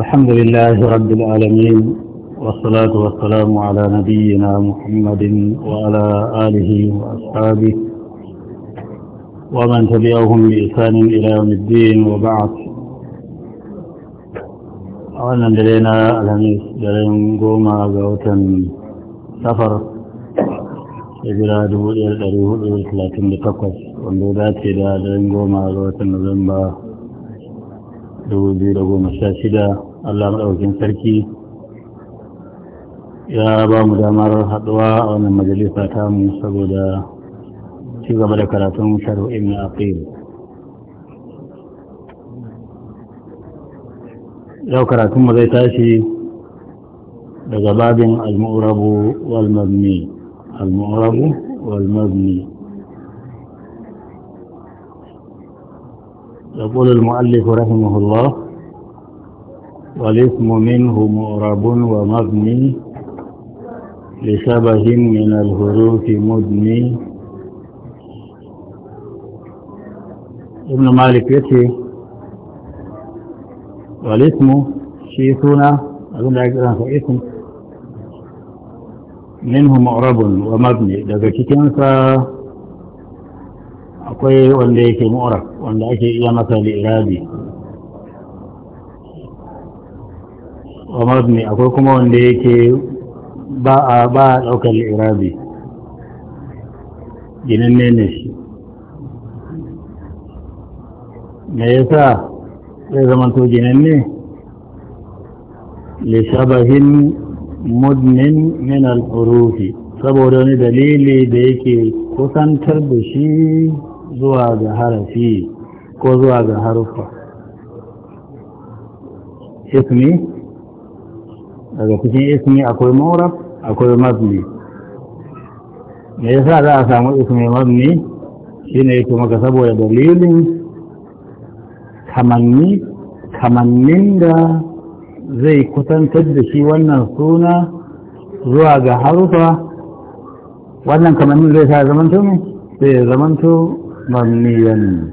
الحمد لله رب العالمين والصلاة والسلام على نبينا محمد وعلى آله وأصحابه ومن تبعهم بإحسان إلى يوم الدين وبعد أولا دلينا الهميس دلين قوما قوتا سفر إجراء دول إلى الأريه الثلاثين لتقص وندودات إلى دلين قوما قوتا نوفمبر 2016 Allah maɗaukin sarki ya ba mu damar haɗuwa a wannan majalisa ta mu saboda ci gaba da karatun shari'in na aqil yau karatunmu zai tashi daga babin al-mu'rabu wal mabni al-mu'rabu wal mabni يقول المؤلف رحمه الله والاسم منه مؤرب ومبني لشبه من الهروف مدني ابن مالك يتي والاسم شيثنا أقول لك أنه اسم منه مؤرب ومبني لذا كتنسى أقول لك مؤرب وأن لك إلى مثل إرادي wa mabni akwai kuma wanda yake ba a ba a ɗaukar irabi ginin ne ne shi me yasa zai zama to ginin ne lishabahin mudnin min al-urufi saboda wani dalili da yake kusantar da shi zuwa ga harafi ko zuwa ga harufa ismi daga cikin ismi akwai mora akwai mabni me yasa za a samu ismi mabni shine yake maka saboda dalilin kamanni kamannin da zai kusantar da shi wannan suna zuwa ga harufa wannan kamannin zai sa zamanto ne sai zamanto mabniyan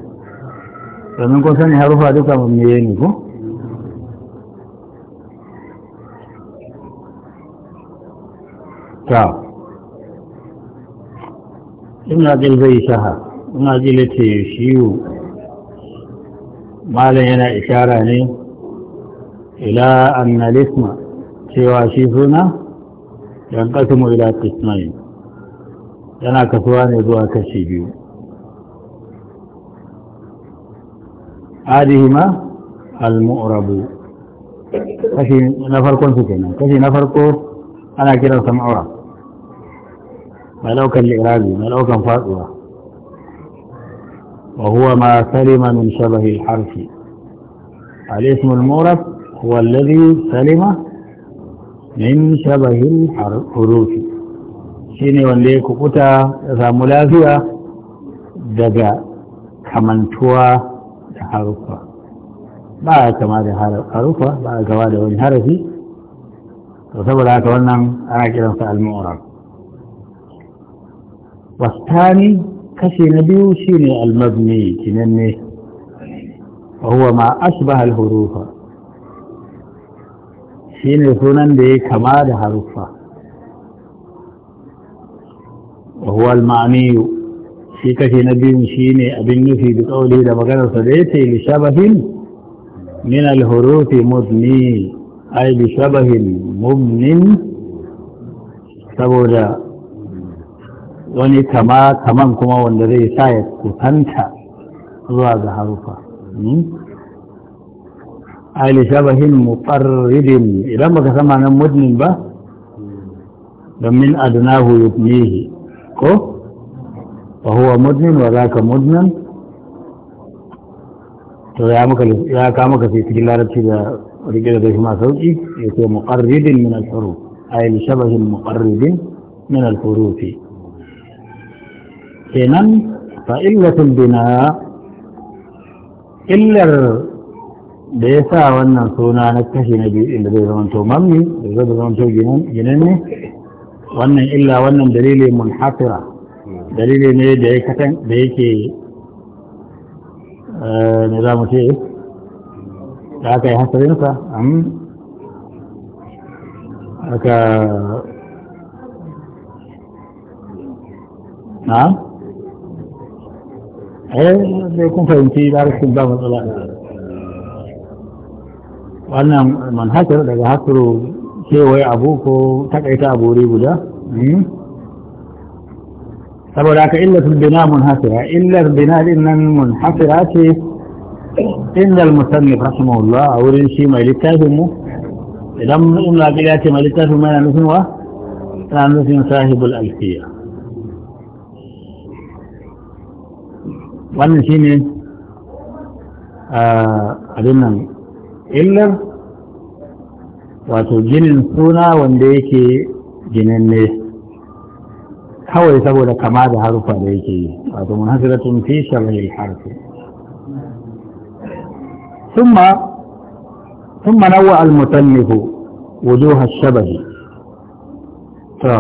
domin kun sani harufa duka mabniyan ne ko ta ina jin zai shaha ina ji lace shiwu malam yana ishara ne ila annalisma cewa shi suna yan mu ila kismai yana kasuwa ne zuwa kashi biyu Adi ma al-mu'rabu kashi na farkon su kenan kashi na farko ana kiransa ma'ura na daukan li'irabi na daukan faduwa وهو ما سلم harfi شبه الحرف الاسم المورث هو الذي سلم min shabahin hurufi shi ne wanda ya kukuta ya samu lafiya daga kamantuwa da harufa ba a kama da harufa ba a kama da wani harafi to saboda haka wannan ana kiransa al-mu'rab والثاني كشي نبيو شيني المبني كنني وهو ما أشبه الهروفة شيني ثنان دي كماد حروفة وهو المعني شي كشي نبيو شيني أبنو في بقوله لبقنا صديتي لشبه من الهروف مبني أي بشبه مبني سبو wani kama kaman kuma wanda zai sa ya kusanta zuwa ga harufa hmm? ali shabahin muqarribin idan baka sama nan mudnin ba domin adnahu yubnihi ko fa huwa mudnin wa zaka mudnan to ya maka ya ka maka sai cikin larabci da rike da shi ma sauki yake muqarribin min al-huruf ay li shabahin muqarribin min al-hurufi kenan fa illatul bina illar da ya sa wannan suna na kashi na biyu inda zai zama to mammi da zai zama to ginin ne wannan illa wannan dalili munhafira dalili ne da ya katan da yake ne eh, za mu ce da aka yi hasarinsa aka na eh sai kun fahimci larabcin ba matsala wannan manhajar daga hasuru kewaye abu ko takaita abu wuri guda hmm? saboda haka illatul bina munhasira illar bina din nan munhasira ce inda al-musannif rahimahullah a wurin shi mai littafin mu idan in lafiya ce mai littafin mai na nufin wa ta nufin sahibul alfiya wannan shi ne abin nan illar wato ginin suna wanda yake ginin ne kawai saboda kama da harufa da yake yi wato mun hasira tun fi sharri harfi thumma ثم نوع المتنف وجوه الشبه to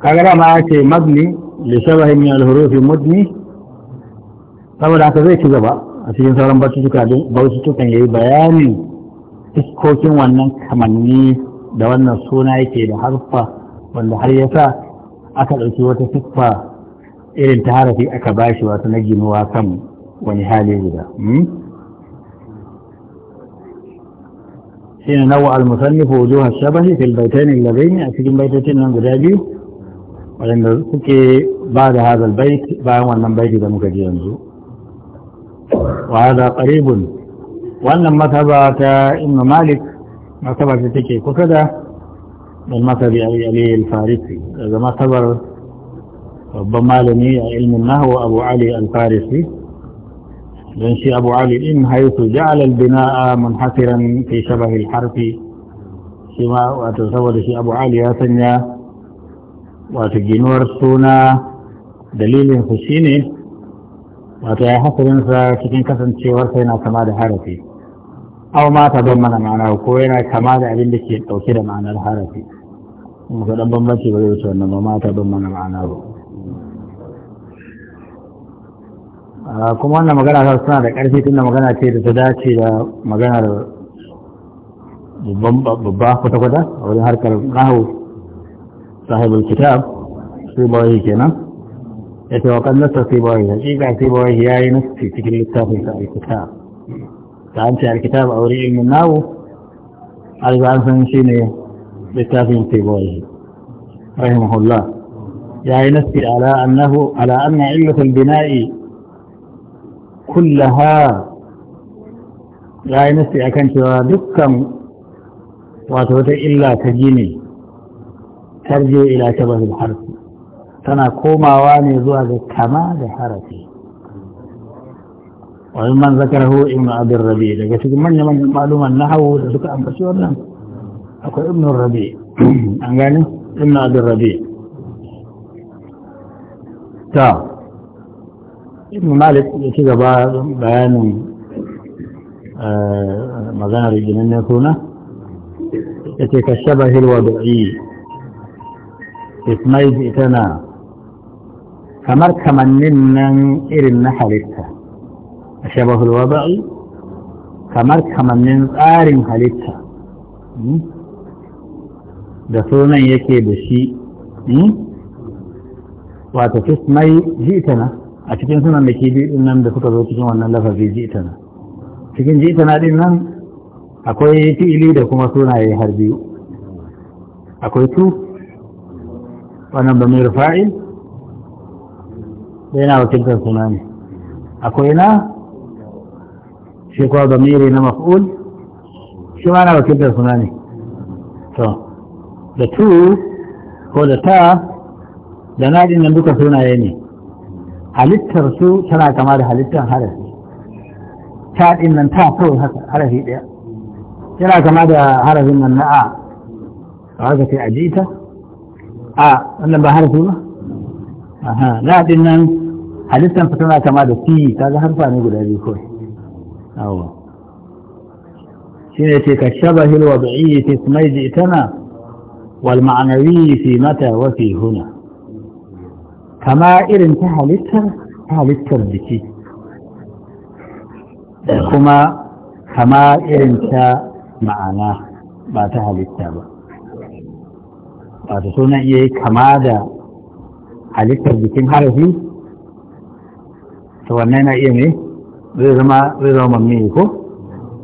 kaga ma ake mabni li shabahin min al-huruf mudni saboda haka zai ci gaba a cikin sauran batutuka din baututukan yayi bayani iskokin wannan kamanni da wannan suna yake da harfa wanda har ya sa aka ɗauki wata siffa irin ta harafi aka bashi wasu na ginuwa kan wani hali guda حين نوع المصنف وجوه الشبه في البيتين اللذين أكيد بيتين من قدابي وعند بعد هذا البيت بعد أن بيت إذا مكجي ينزو وهذا قريب وأن مثبة إن مالك مثبة تكي كفدة من مثب علي الفارسي إذا مثبر ربما لني علم النهو أبو علي الفارسي لنشي أبو علي إن حيث جعل البناء منحسرا في شبه الحرف شما وتصور شي أبو علي يسنى وتجنور السنة dalilin su shine wato ya hasarinsa cikin kasancewarsa yana kama da harafi aw ma ta ban mana ma'ana ko yana kama da abin da ke ɗauke da ma'anar harafi muka ɗan bambanci ba zai wuce wannan ba ma ta ban mana ma'ana ba kuma wannan magana ta suna da ƙarfi tunda magana ce da ta dace da maganar babba kwata-kwata a wurin harkar nahu sahibul kitab su bawai kenan ya ce wa kannasta sai bawai hakika sai bawai ya yi nufi cikin littafin sa alkitab ta an ce alkitab a wuri ilmin nawo an san shi ne littafin sai bawai rahimahullah ya yi nufi ala annahu ala anna illatul bina'i kullaha ya yi nufi akan cewa dukkan wato wata illa ta gini tarje ila shabahin harfi tana komawa ne zuwa ga kama da harafi wani man zakar hu ibn abin rabi daga cikin manyan manyan maluman na hau da suka ambaci wannan akwai ibn rabi an gani ibn abin rabi ta ibn malik ya ci gaba bayanin maganar ginannen suna ya ce ka shaba hilwa da'i ismail ita na kamar kamannin nan irin na halitta a shabahul waba'i kamar kamannin tsarin halitta hmm? da sunan yake da shi hmm? wata mai jitana a cikin sunan da ke din nan da suka zo cikin wannan lafafi jitana cikin jitana din nan akwai fi'ili da kuma sunaye har biyu akwai tu wannan ba mai rufa'il da yana wakiltar suna ne akwai na shi kuwa zamiri na maf'ul shi ma na wakiltar suna ne to da tu ko da ta da nadin nan duka sunaye ne halittar su tana kama da halittar harafi ta din nan ta kawai harafi ɗaya tana kama da harafin nan na a a haka sai a jita a wannan ba harafi ba aha nadin nan halittansa tana kama da fi kaga harfa ne guda biyu kawai awa shi ne ce ka shaba hilwa da iya fi ji itana jitana wal ma'anawi fi mata wa fi huna kama irin ta halittar ta halittar jiki da kuma kama irin ta ma'ana ba ta halitta ba ba ta so na iya kama da halittar jikin harafi to wannan na iya mai zai zama zai zama mamni ko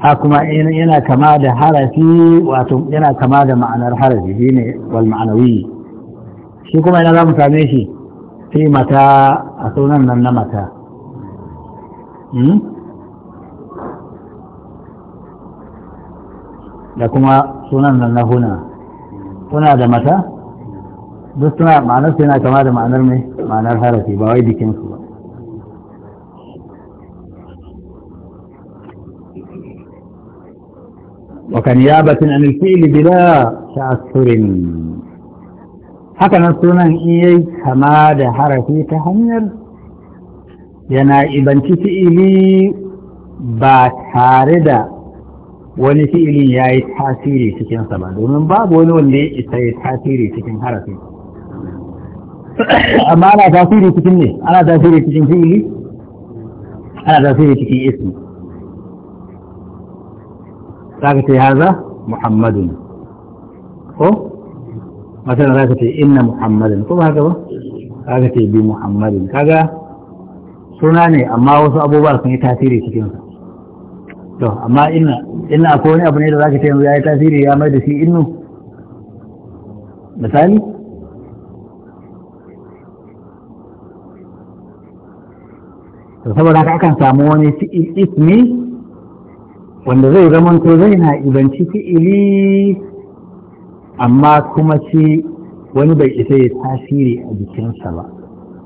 ha kuma yana kama da harafi wato yana kama da ma'anar harafi shi ne wal ma'anawi shi kuma yana za mu same shi fi mata a sunan nan na mata hmm? da kuma sunan nan na huna huna da mata duk suna ma'anar su yana kama da ma'anar mai ma'anar harafi ba wai bikin jikinsu وكنيابة عن الفعل بلا تأثر هكذا سنن إيه كما ده حرفي تهنير ينائبا تفئلي ba tare da wani fi'ilin ya yi tasiri ba domin babu wani wanda ya isa tasiri cikin harafi amma ana tasiri cikin ne ana tasiri cikin tasiri cikin ismi zaka ce haza muhammadun ko masana za ce inna muhammadun ko ba haka ba zaka ce bi muhammadun kaga suna ne amma wasu abubuwa sun yi tasiri cikinsa to amma inna inna akwai wani abu ne da zaka ce yanzu ya yi tasiri ya mai da shi innu misali to saboda haka akan samu wani ismi wanda zai zamanto zai na ibanci fi'ili amma kuma ci wani bai isa ya tasiri a jikinsa ba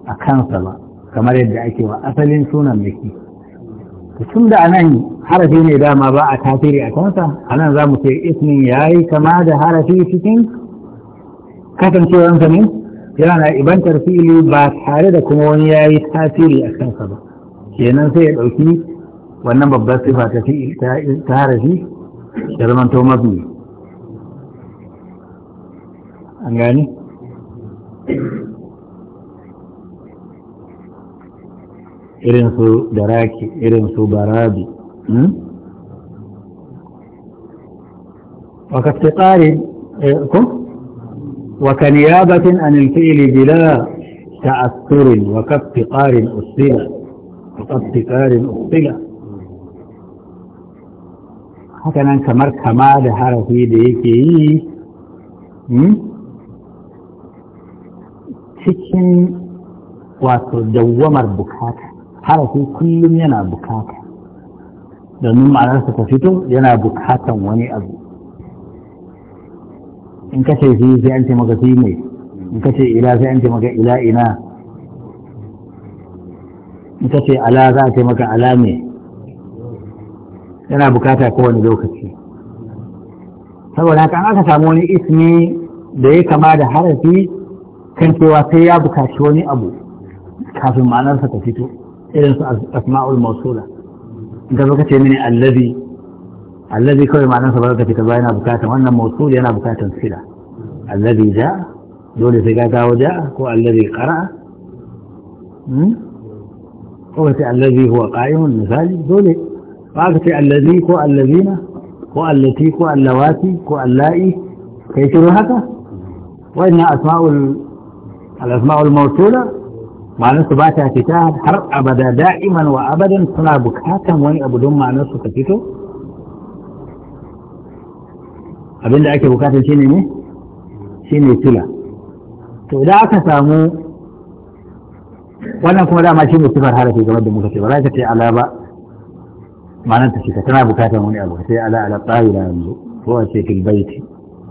a kansa ba kamar yadda ake wa asalin sunan miki tun da anan harafi ne dama ba a tasiri a kansa anan za mu ce ismin ya yi kama da harafi cikin kasancewansa ne yana na ibantar fi'ili ba tare da kuma wani ya yi tasiri a kansa ba kenan sai ya ɗauki wannan babbar sifa ta fi ta harafi da zamanto mafi an gani irin su daraki irin su barabi ce tsari ko وكافتقار وكنيابة عن الفعل بلا تأثر وكافتقار أصلا وكافتقار أصلا haka nan kamar kama da harafi da yake yi hmm? cikin wato dawamar bukata harafi kullum yana bukata domin ma'anarsa ta fito yana bukatan wani abu in ka ce fi sai an ce maka fi mai in ka ce ila sai an ce maka ila ina in ka ce ala za a ce maka ala mai yana bukata kowane lokaci saboda haka aka samu wani ismi da ya kama da harafi kan cewa sai ya bukaci wani abu kafin ma'anarsa ta fito irin su asma'ul mausula da baka ce mini allazi allazi kawai ma'anarsa ba za ta fita ba yana bukatan wannan mausul yana bukatan sila allazi ja dole sai ka kawo ja ko allazi qara hmm? ko sai allazi huwa qa'imun misali dole قافتي الذي كو الذين كو التي كو اللواتي كو اللائي كيف هكا وإن أسماء الأسماء الموصولة ما نصباتها كتاب حر أبدا دائما وأبدا صنابك هاكم وين أبو دم ما نصف كتو أبين دعك بكات شيني مي شيني سلا فإذا أكسامو وانا كم ما شيني سفر هارفي في دمو كتب لا يكتب على بقى معناتها في تتنابو كاتا من أبو حتى على على طائلة عنده يعني. هو في البيت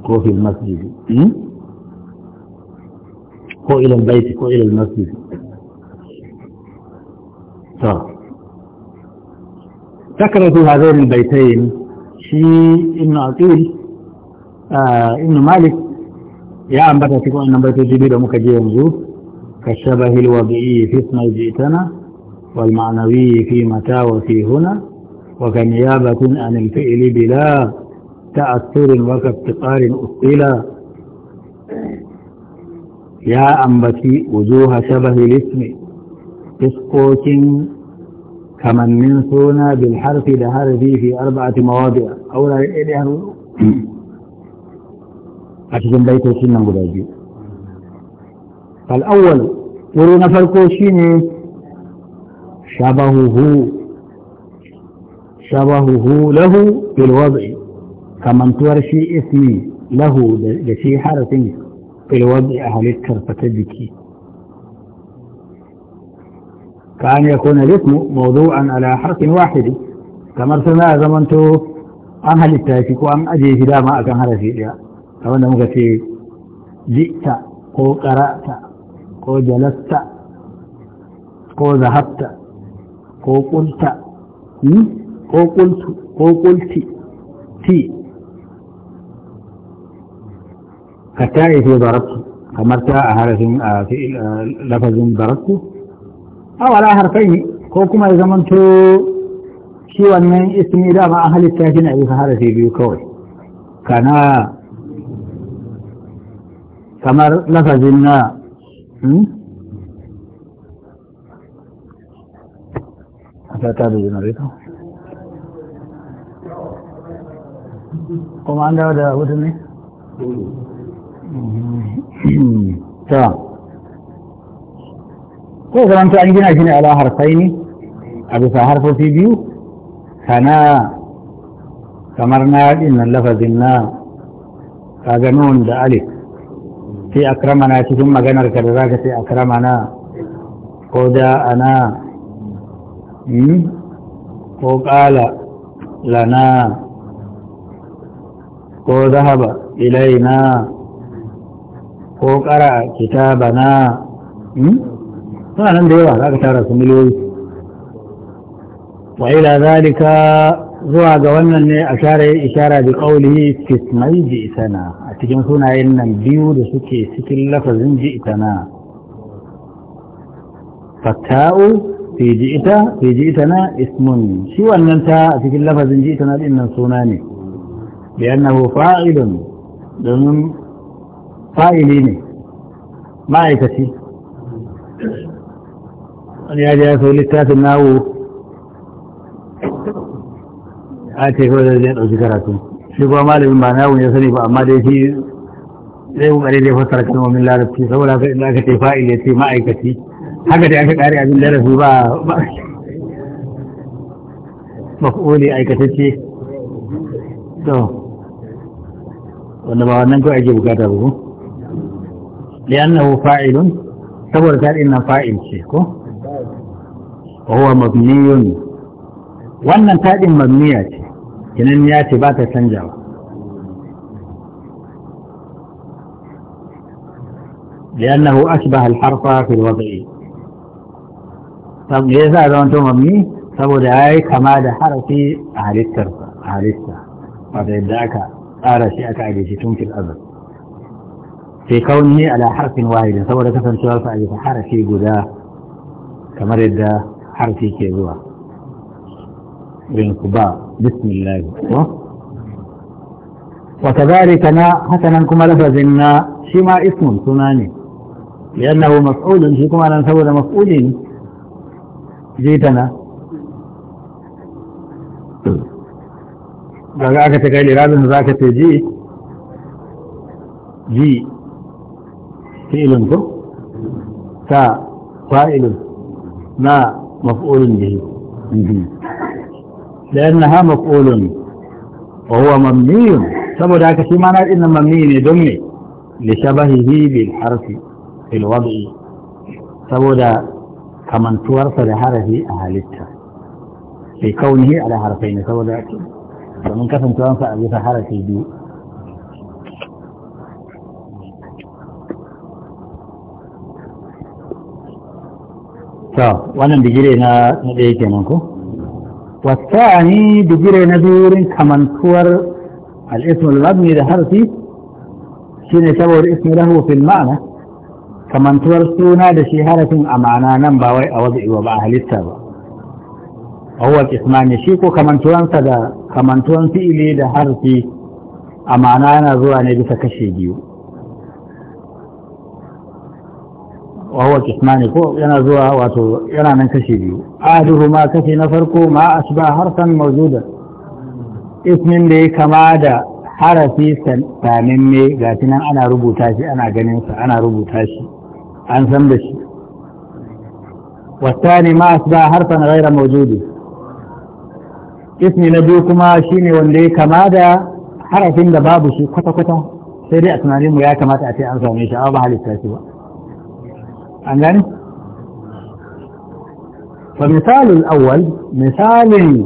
هو في المسجد هو إلى البيت هو إلى المسجد صار طيب. تكرت هذين البيتين شيء إنه آه، أقول إنه مالك يا أم بطا تكون أن بيت جبيل أمك جينزو كالشبه الوضعي في اسم جئتنا والمعنوي في متى وفي هنا وكنيابة عن الفعل بلا تأثر وكافتقار أصيلا يا أنبتي وجوه شبه الاسم تسقوكين كمن من سونا بالحرف لهرفي في, في أربعة مواضع أولا إليها أتكن بيت السنة مداجي فالأول ورون فرقوشيني شبهه شبهه له بالوضع wad'i kamantuwar اسمي له lahu حرفين بالوضع أهل bil بكي a كأن يكون الاسم موضوعا على حرف واحد كما رسلنا زمنته أن هل التاشيك وأن أجي جدا ما أكن هرسي لها كما أنه في جئت قو قرأت قو جلست قو ذهبت قو قلت ko kultu ko kulti ti ka ta'i fi darabtu kamar ta a harafin a lafazin a wala harfai ne ko kuma ya zamanto shi wannan ismi da ma halitta shi na bisa harafi biyu kawai kana kamar lafazin na hmm? ta da kuma an dawo da hudu ne? ta ko zamanta an gina shi ne ala harfai ne a bisa harfofi biyu kana kamar na yaɗin nan lafazin na kaganon da alif sai akramana cikin maganar ka da za ka sai akramana ko da ana hmm, ko ƙala lana ko zahaba ilaina ko kara kitabana hmm? suna nan da yawa za ka tara su miliyoyi wa ila zalika zuwa ga wannan ne a share ishara bi qawlihi kismai ji itana a cikin sunayen nan biyu da suke cikin lafazin ji itana fatta'u fi ji ita fi ji itana ismun shi wannan ta a cikin lafazin ji itana din nan suna ne لأنه فاعل domin fa'ili ne ma'aikaci wani ya ya sau littafin nawo a ce kawai zai ɗauki karatu shi kuma malamin ba nawo ya sani ba amma dai shi zai ƙoƙari da fasara kalmomin larabci saboda haka inda aka ce fa'ili ya ce ma'aikaci haka aka ƙari abin darasi ba ba maf'uli aikatacce to ولا ما ننجو عجيب قدره لأنه فاعل صور قال إن فاعل شيكو هو مبني وأن تاد مبنية كنن ياتي بات سنجاو لأنه أشبه الحرف في الوضع طب ليس هذا أنتم مبني صور دعاي كما دحر في أهل الترفة أهل الترفة فإذا tsara shi aka ajiye shi tun fil azal sai kauni ala harfin wahidin saboda kasancewar sa ajiye harafi guda kamar yadda harfi ke zuwa irin ku ba bismillah wa kadhalika na hakanan kuma lafazin na shi ma ismun suna ne لأنه مفعول في كما أنا نسوي مفعول جيتنا ba za ta kai lirabin za ka ta ji ji fi'ilin ta fa'ilin na لأنها مفؤول وهو ممني سبب ذلك في معنى إن ممني دمي لشبهه بالحرف في الوضع سبب كمن تورث لحرف أهلتها لكونه على حرفين سبب ذلك domin kasancewansa a bisa harafi biyu to wannan digire na ɗaya kenan ko wasa'ani digire na biyu wurin kamantuwar al'ismul mabni da harfi shine saboda ismi lahu fil ma'ana kamantuwar suna da shi harafin a ma'ana nan ba wai a wazi'i ba a halitta ba a huwa ismani shi ko kamantuwansa da kamantuwan fi'ili da harfi a ma'ana yana zuwa ne bisa kashe biyu wawa kismani ko yana zuwa wato yana nan kashe biyu aduhu ma kashe na farko ma ba harfan mawjuda ismin da ya kama da harafi ne ga nan ana rubuta shi ana ganin sa ana rubuta shi an san da shi wasani ma ba harfan ghaira mawjudi ismi na biyu kuma shine wanda ya kama da harafin da babu shi kwata-kwata sai dai a tunanin mu ya kamata a ce an same shi a ba halitta shi ba an gani fa misalin awwal misalin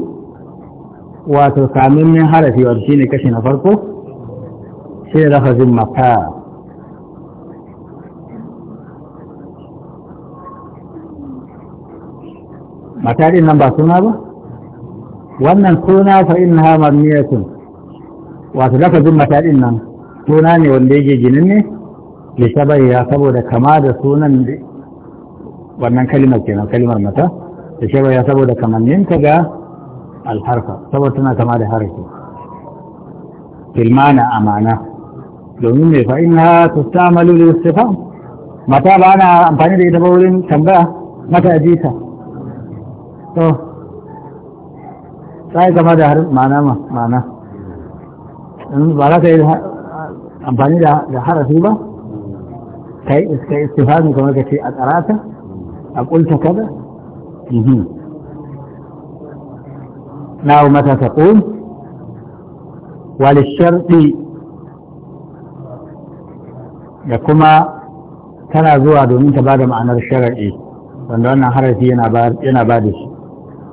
wato kamin harafi wato shine kashi na farko sai lafazin mafa mata din nan ba suna ba wannan suna fa innaha mabniyatun wato lafazin mata din nan suna ne wanda yake ginin ne li shabariha saboda kama da sunan wannan kalimar kenan kalimar mata da shabariha saboda kamanninta ga alharfa saboda tana kama da harfi filmana amana domin me fa innaha tustamalu lil istifham mata ba na amfani da ita ba wurin tambaya mata ajita to ta yi gama da harin ma'ana ma'ana ba za ka yi amfani da harafi ba ka yi iska istifami kamar ka ce a tsarata a ƙulta kada na mata ta ƙun walisharɗi da kuma tana zuwa domin ta ba da ma'anar shara'i wanda wannan harafi yana ba da shi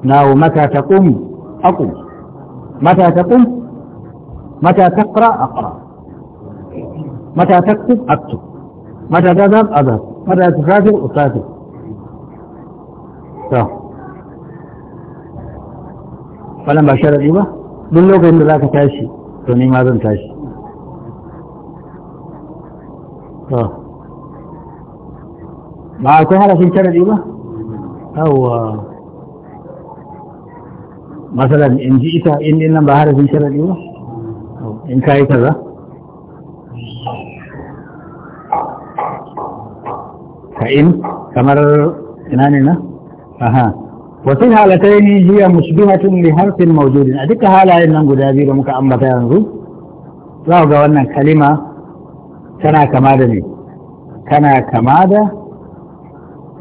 na mata ta ƙun أقوم متى تقوم متى تقرأ أقرأ متى تكتب أكتب متى تذهب أذهب متى تسافر أسافر wannan ba sharaɗi ba duk lokacin da za ka tashi to ni ma zan tashi ba akwai harafin sharaɗi ba? مثلا ان جئت ان ان بحر في شر اليوم ان كاي كذا فان كمر انانينا اها وفي حالتين هي مشبهة لحرف موجود اديك حالا ان غدا بي لو مكا امبتا ينزو لو غا wannan kalima tana kama da ne tana kama da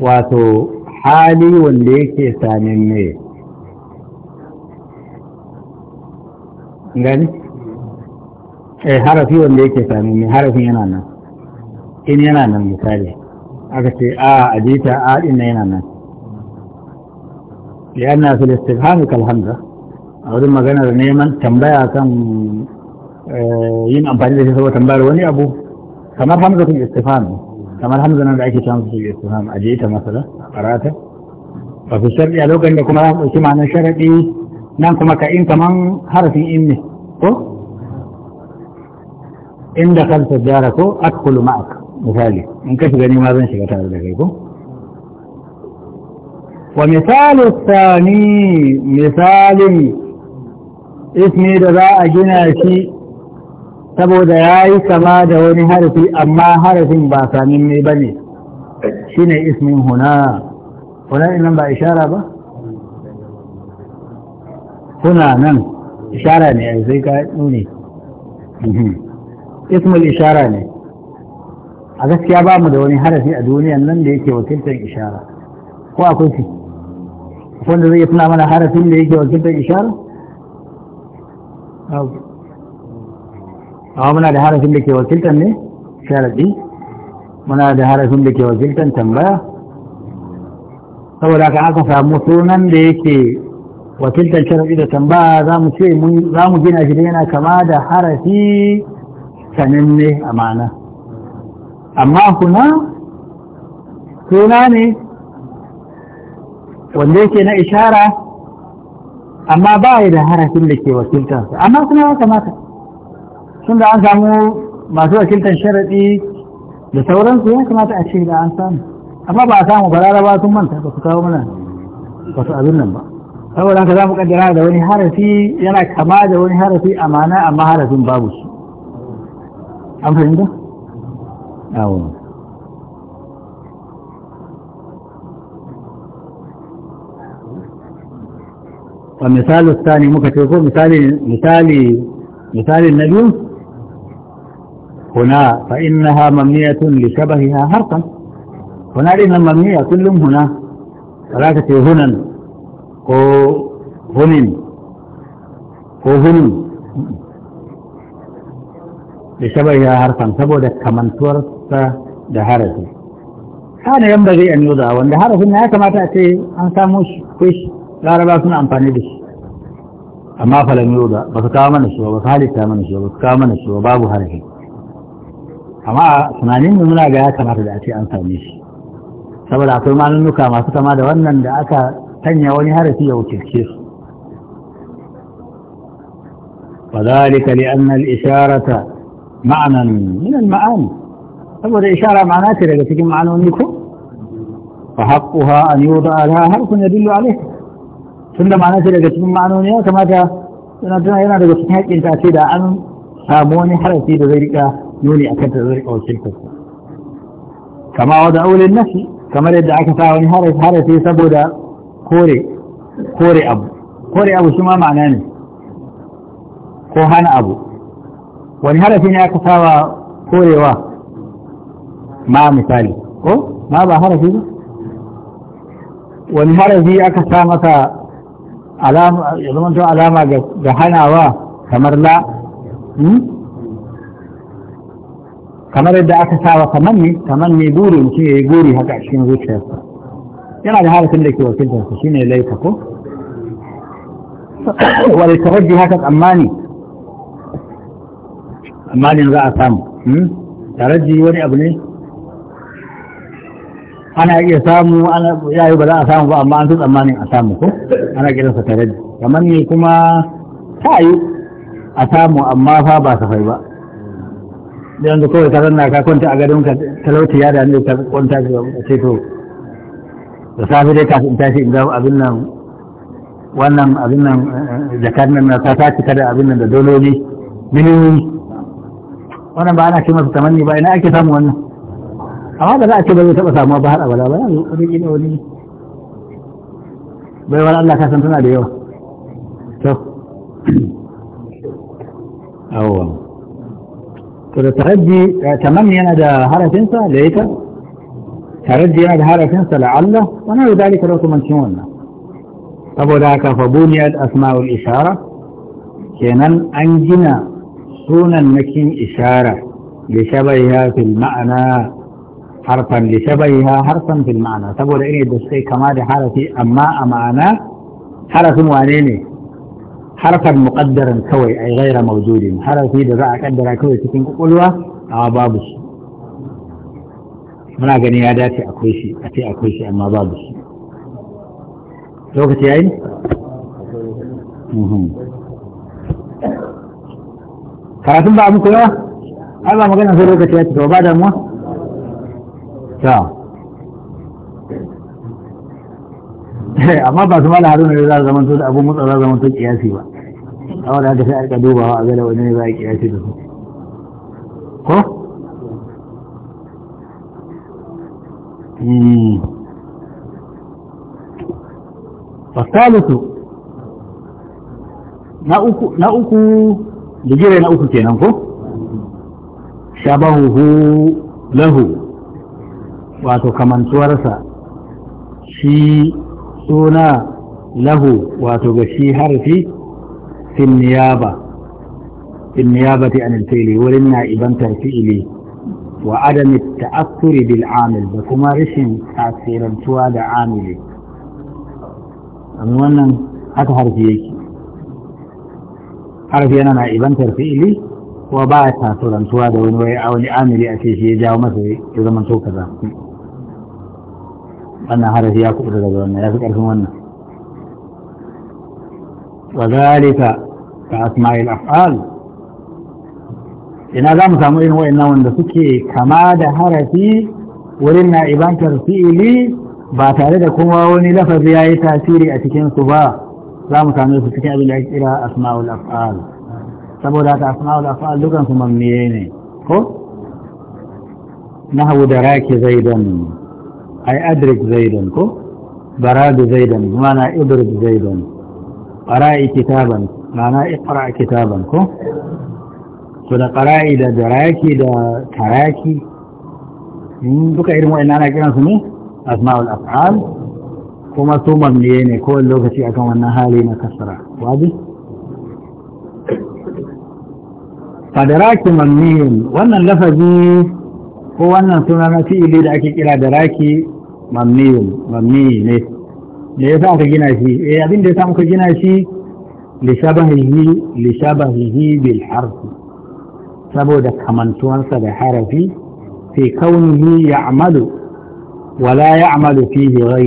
wato hali wanda yake sanin ne gani eh harafi wanda yake sami ne harafin yana nan in yana nan misali aka ce a jita a ina yana nan lianna fil istifham hannu hamza a wurin maganar neman tambaya kan eh, yin amfani da shi saboda tambayar wani abu kamar hamza kun istifanu kamar hamza nan da ake cewa su istifham masu masala a fa ba su a lokacin da kuma ya dauki ma'anar sharaɗi. nan kuma ka in kaman harafin in ne ko inda kan tajjara ko akulu ma'ak misali in ka shiga ma zan shiga tare da kai ko wa misali tsani misalin ismi da za a gina shi saboda ya yi kama da wani harafi amma harafin ba sami ne ba ne shi ne ismin huna huna nan ba ishara ba kuna nan ishara ne a sai ka nune ismul ishara ne a gaskiya ba mu da wani harafi a duniyan nan da yake wakiltar ishara ko akwai shi wanda zai tuna mana harafin da yake wakiltar ishara amma muna da harafin da ke wakiltar ne sharaɗi muna da harafin da ke wakiltar tambaya saboda ka aka samu sunan da yake wakiltar sharaɗi da tambaya za mu ce za mu gina shi da yana kama da harafi sananne a mana amma kuna suna ne wanda yake na ishara amma ba yi da harafin da ke wakiltarsa amma suna ya kamata sun da an samu masu wakiltar sharaɗi da sauransu ya kamata a ce da an samu amma ba a samu ba laraba sun manta ba su kawo mana wasu abin nan ba saboda haka za mu kaddara da wani harafi yana kama da wani harafi a mana amma harafin babu shi an fahimta? yawon a misali sani muka ce ko misali misali misali na biyu huna fa inna innaha mamniyatun li shabahiha harfan huna din mamniya kullum huna za ka ce hunan ko hunin ko hunin da shabar ya harfan saboda kamantuwarsa da harafi kana yan bari an yuza wanda harafin ya kamata a ce an samu shi kush laraba suna amfani da shi amma falon yuza ba su kawo mana shi ba su halitta mana shi ba su kawo mana shi ba babu harafi amma a tunanin mu muna ga ya kamata da a ce an samu shi saboda akwai malin nuka masu kama da wannan da aka sanya wani harafi ya wakilce su وذلك لأن الإشارة معنى من المعاني فقد إشارة معناتها لكي معنونيكم فحقها أن يوضع لها حرف يدل عليه tun da ma'ana ce daga cikin ma'anoni ya kamata yana tuna yana daga cikin haƙƙin ta ce da an samu wani harafi da zai rika nuni a kanta zai rika wakil ta kama wa da aulin nasi kamar yadda aka sa wani harafi saboda kore kore abu kore abu shi ma ma'ana ne ko hana abu wani harafi ne aka sawa korewa ma misali ko ma ba harafi ba wani harafi aka sa masa alama ya zama alama ga hanawa kamar la hmm? kamar yadda aka sawa kamar ne kamar ne buri mutum ya yi guri haka a cikin zuciyarsa yana da harafin da ke wakiltar su shine laifa ko wani taraji haka tsammani tsammanin za a samu hmm? taraji wani abu ne ana iya samu ana yayi ba za a samu ba amma an fi tsammanin a samu ko ana kiransa taraji kamar ne kuma ta yi a samu amma fa ba safai ba yanzu kawai ka zanna kakwanta a gadon talauti ya da ne ta kwanta ka ce to da safe dai kafin tashi in ga abin nan wannan abin nan zakar eh, nan na ta cika da abin nan da dololi miliyoyi wannan ba ana ce masa tamanni ba ina ake samu wannan amma ba za a ce ba zai taɓa samuwa ba har abada ba yanzu wani ƙila wani bai wani Allah kasan tana da yawa to awwa to da taraddi eh, tamanni yana da harafinsa da ya ita تردي هذا هذا تنسى لعله ونحو ذلك لو تمنشون أبو ذاك فبنيت أسماء الإشارة كينا أنجنا سونا مكين إشارة لشبهها في المعنى حرفا لشبهها حرفا في المعنى تبو لإني دستي كما دي حرفي أما أمعنا حرف وانيني حرفا مقدرا كوي أي غير موجود حرفي دزاع قدر كوي تكين قلوة عبابش muna gani ya dace akwai shi a ce akwai shi amma babu shi lokaci yayi mhm. karatun ba muku yawa ai ba magana sai lokaci ya cika ba damuwa ta amma ba su mala haruna da za a zamanto da abun mutsa za a zamanto kiyasi ba a wadda haka sai a dubawa a gada wani ne za a kiyasi da su ko fasalisu eh. na uku digire na uku kenan ko shabahu lahu wato kamantuwarsa shi suna lahu wato ga shi harfi fin niyaba fin niyabati anil fili wurin na ibantar fi'ili وعدم التأثر بالعامل بكما رشن تأثيرا توادى عاملي أمونا هكا حرفيك حرفي أنا نائبا ترفئ لي وباع تأثيرا توادى ونوي أولي عاملي أكيشي جاو مثلي إذا من سوك ذا أنا حرفي أكو أرغى دوانا يأكو أرغى وذلك كأسماء الأفعال ina za mu samu irin wayannan wanda suke kama da harafi wurin na ibantar fi'ili ba tare da kuma wani lafazi ya yi tasiri a cikinsu ba za mu samu su cikin abin da ake kira asma'ul af'al saboda ta asma'ul af'al dukan su mamniye ne ko nahwu da raki zaidan ai adrik zaidan ko baradu zaidan mana idrik zaidan qara'i kitaban mana iqra kitaban ko to da ƙara'i da daraki da taraki hmm, duka irin wa'in ana su ne asma'ul af'al kuma su mamniye ne kowar lokaci akan wannan hali na kasara wabi fadaraki mamniyin wannan lafazi ko wannan suna na fi'ili da ake kira daraki raki mamniyin ne da ya sa aka gina shi E abin da ya sa muka gina shi lishabahihi lishabahihi bil harfi saboda kamantuwansa da harafi fi ya ya'malu wa la ya'malu fi bi ya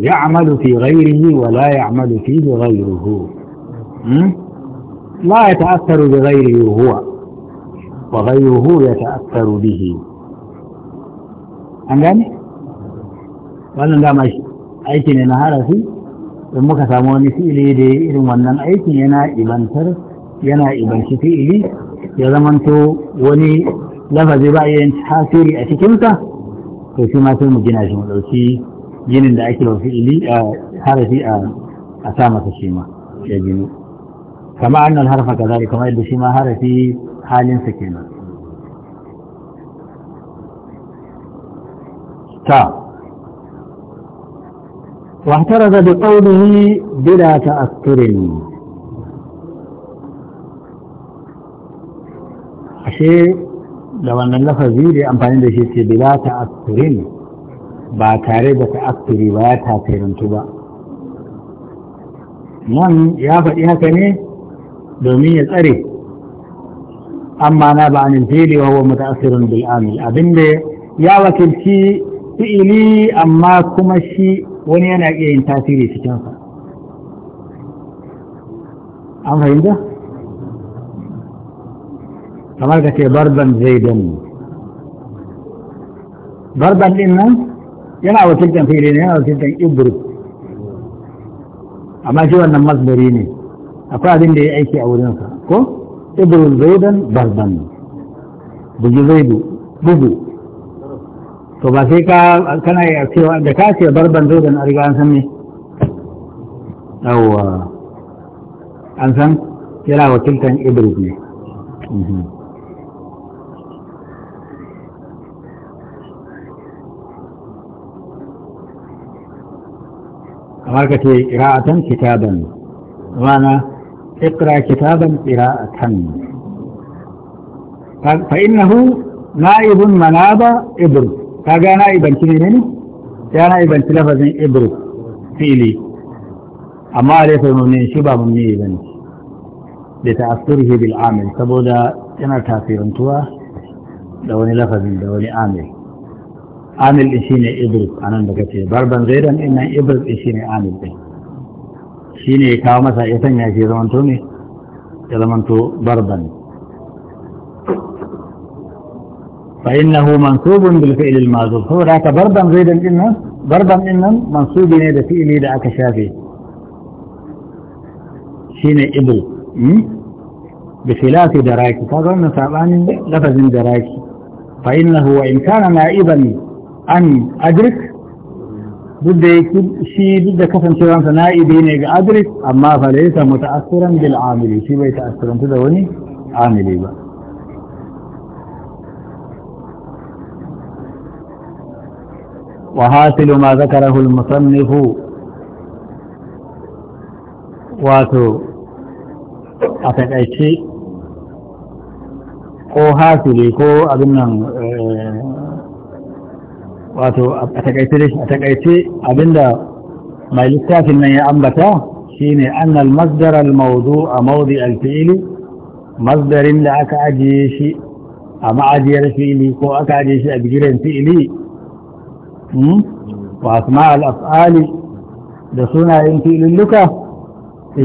ya'malu fi ghayrihi wa la ya'malu fi bi ghayrihi hmm? la ya yata'assaru bi ghayrihi huwa wa ghayruhu yata'assaru bihi an gane wannan dama aiki ne na harafi in muka samu wani fi'ili da irin wannan aikin yana ibantar yana ibanci fi'ili ya zamanto wani lafazi ba iya yin tasiri a cikinsa to shi ma sai mu gina shi mu dauki ginin da ake wa fi'ili a harafi a a sa masa shi ma ya ginu kama annan harfa kazari kamar yadda shi ma harafi halin sa kenan ta واعترض بقوله بلا تأثر ashe da wannan lafazi da amfani da shi ce bila ta ba tare da ta ba ya tu ba nan ya faɗi haka ne domin ya tsare amma na ba anin fili wa wani ta'asirin bil'amil abinda ya wakilci fi'ili amma kuma shi wani yana iya yin tasiri cikinsa an fahimta? kamar ka ce barban zai don barban din nan yana wakiltan fili ne yana wakiltan ibru amma shi wannan masbari ne akwai abin da ya aiki a wurinsa ko ibru zaidan barban bugi zai bugu to ba sai ka kana a cewa da ka ce barban zaidan a riga an san ne yawwa an san yana wakiltan ibru ne mhm. وقتي قراءة كتابا وانا اقرأ كتابا قراءة فإنه نائب مناب إبر فقال نائبا كنين يا نائبا تلفز إبر فيلي أما عليه فهم من شباب نائبا لتأثره بالعامل فبودا كما تأثير انتوا دوني لفظ دوني عامل عامل شيني ابرز انا بكتي ضربا غير ان ان ابرز شيني عامل دي شيني كاو مسا يتنيا شي زمانتو ني زمانتو ضربا فانه منصوب بالفعل الماضي هو راك ضربا غير ان ضربا ان منصوب ني ده في ني ده اكشافي شيني ابل بخلاف دراكي فاضل مثلا لفظ دراكي فانه وان كان نائبا an adrik duk da shi duk da kasancewansa na'ibi ne ga adrik amma fa laysa muta'assiran bil amili shi bai ta'assirantu da wani amili ba وحاصل ما ذكره المصنف واتو أتكأيشي ko hasili ko abin nan eh, wato a takaice da shi a takaice abinda mai littafin nan ya ambata shine annal masdar al mawdu a mawdi al fi'li masdarin da aka ajiye shi a ma'ajiyar fi'li ko aka ajiye shi a bigiren fi'li hmm, wa asma al af'ali da sunayen fi'lulluka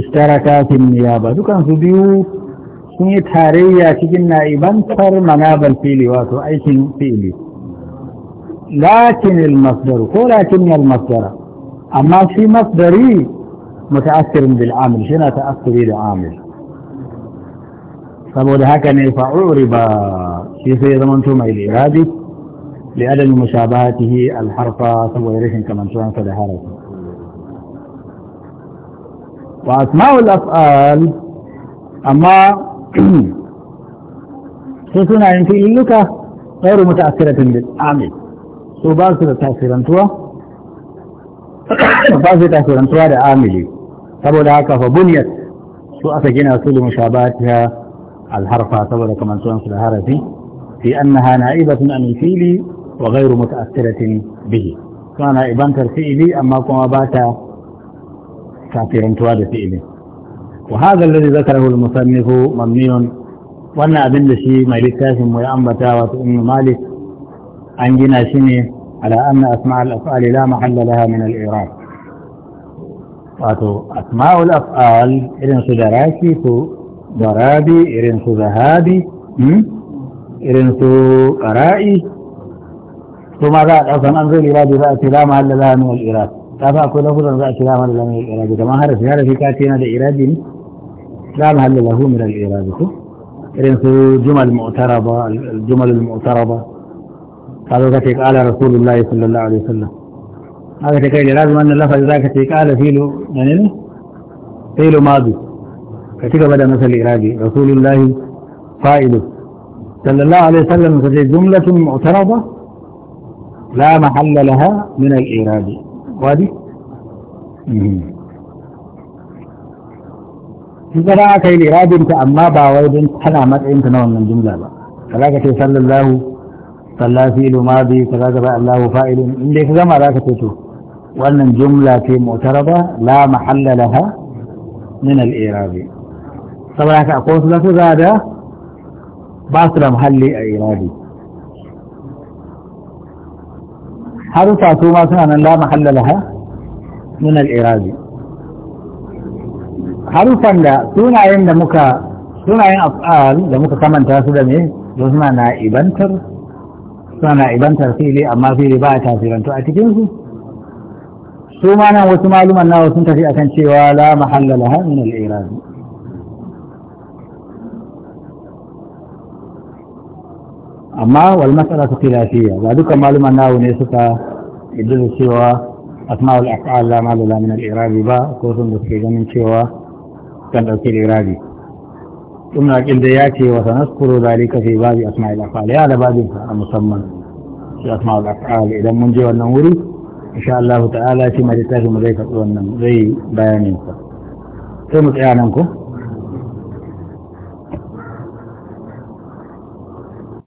ishtaraka fi niyaba dukan su biyu sun yi tarayya cikin na'ibantar manabar fi'li wato aikin fi'li لكن المصدر هو لكن المصدر أما في مصدري متأثر بالعامل شنو تأثر بالعامل فبود هكذا فأعرب في في من ثم الى الإرادة لأدل مشابهته الحرف ثم يرحم كمن ثم فدهارة وأسماء الأفعال أما سيكون نعم؟ عن في اللغه غير متأثرة بالعامل su ba su da tasirantuwa ba su da tasirantuwa da amili saboda haka fa bunyat su aka gina su da mushabatiha alharfa saboda kamantuwansu da harafi fi annaha na'ibatun an fili wa ghairu muta'assiratin bihi kana ibantar fi'ili amma kuma ba ta tasirantuwa da fi'ili وهذا الذي ذكره المصنف مبني وانا ابن شيء ما لتاهم ويا امبتا وتؤم مالك عن جناسني على أن أسماء الأفعال لا محل لها من الإعراب واتو أسماء الأفعال إرن صدراتي تو ضرابي إرن صدهابي إرن صدرائي ثم قال أصلا أنظر إلى دفاع لا محل لها من الإعراب كيف أقول لفظا دفاع لا محل لها من الإعراب كما هرس هذا في كاتينا لإعراب لا محل له من الإعراب إرن صدر جمل مؤتربة الجمل المؤتربة, المؤتربة. هذا ذاك قال رسول الله صلى الله عليه وسلم هذا كي لازم أن اللفظ ذاك قال فيلو يعني إيه؟ فيلو ماضي كتك بدأ مثل إرادي رسول الله فائل صلى الله عليه وسلم فهي جملة معترضة لا محل لها من الإرادي وادي إذا za a kai أما amma ba wai don hana من جملة wannan jumla ba kaza ka ce salla fi'lu madi kaza kaza Allahu fa'ilun in dai ka gama za ka fito wannan jumla ce mu'taraba la mahalla laha min al-i'rab saboda haka akwai wasu zasu za da ba su da muhalli a i'rabi Har su ma suna nan la mahalla laha min al-i'rab harufan da sunayen da muka sunayen af'al da muka kamanta su da me suna na ibantar suna idan tarfili amma fili ba a tasirantu a cikinsu su ma nan wasu maluman nawa sun tafi akan cewa la mahalla laha min al-irabi amma wal mas'alatu khilafiyya ba duka maluman nawa ne suka iddu cewa asma'ul af'al la mahalla min al ba ko sun da suke ganin cewa kan dauke al ibn aqil da ya ce wa sanaskuru zalika fi babi asma'il af'al ya da babin sa musamman shi asma'ul af'al idan mun je wannan wuri insha Allah ta'ala shi mai littafin mu zai karbi wannan zai bayanin sa sai mu tsaya nan ko